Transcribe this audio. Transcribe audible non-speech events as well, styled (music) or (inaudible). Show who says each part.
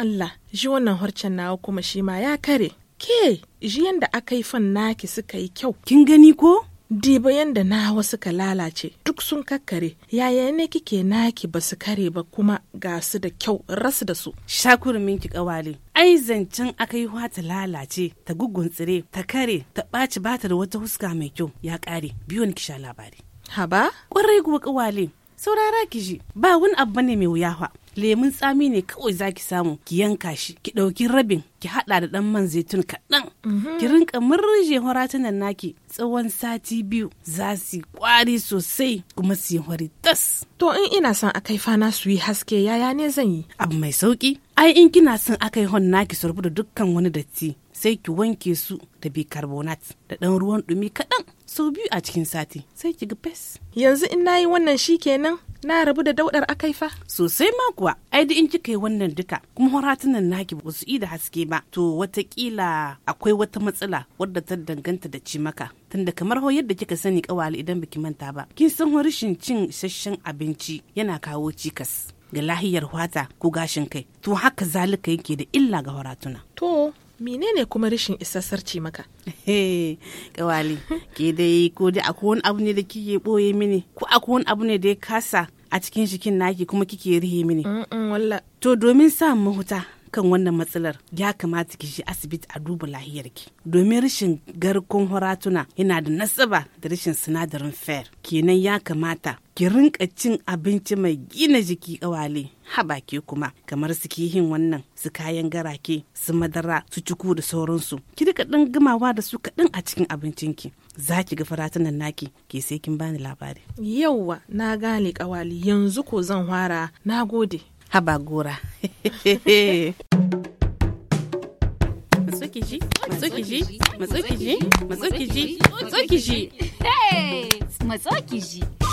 Speaker 1: Allah ji wannan harcen nawa kuma shi ma ya kare ke ji yanda aka yi fan naki suka yi kyau kin gani ko diba yanda nawa suka lalace duk sun kakkare yaya ne kike naki ba su kare ba kuma ga su da kyau rasu da su shakurumin ki kawale ai zancen aka yi ta lalace ta guguntsire ta kare ta ɓaci bata da wata huska mai kyau ya ƙare biyon ki sha labari haba ƙwarai kuwa kawale saurara ki ji ba wani abu ne mai wuya lemun tsami ne kawai zaki samu ki yanka shi ki ɗauki rabin ki haɗa da ɗan man zaitun kaɗan mhm. ki rinka murje horatunan naki tsawon sati biyu za su kwari sosai kuma su yi hori tas. To in ina son akai fana su yi haske yaya ne zan yi? Abu mai sauki. Ai in kina son akai hon naki sorbu da dukkan wani datti sai ki wanke su da bicarbonate da ɗan ruwan ɗumi kaɗan sau biyu a cikin sati sai ki ga fes. Yanzu in nayi wannan shi kenan na rabu da daudar akai fa sosai ma kuwa ai da in kika yi wannan duka kuma horatunan naki ba su yi da haske ba to watakila akwai wata matsala wadda ta danganta da cimaka tunda kamar ho yadda kika sani kawali idan baki manta ba kin san rashin cin isasshen abinci yana kawo cikas ga lahiyar hwata ko gashin kai to haka zalika yake da illa ga horatuna to menene kuma rashin isassar ce maka (laughs) kawali ke dai ko dai a kowane abu ne da kike boye mini ko a kowane abu ne da ya kasa a cikin jikin naki kuma kike rihe mini to domin sa mahuta kan wannan matsalar ya kamata ki je asibiti a duba lahiyarki domin rashin garkon horatuna yana da nasaba da rashin sinadarin fer kenan ya kamata ki rinka cin abinci mai gina jiki kawale habake kuma kamar su yin wannan su kayan garake su madara su ciku da sauransu ki rika dan gamawa da su kaɗan a cikin abincinki za ki ga faratunan naki ke sai kin bani labari yauwa na gane kawali yanzu ko zan fara na gode Rabagura. Matsukiji, Matsukiji, Matsukiji, Matsukiji, Matsukiji. Hey! Matsukiji.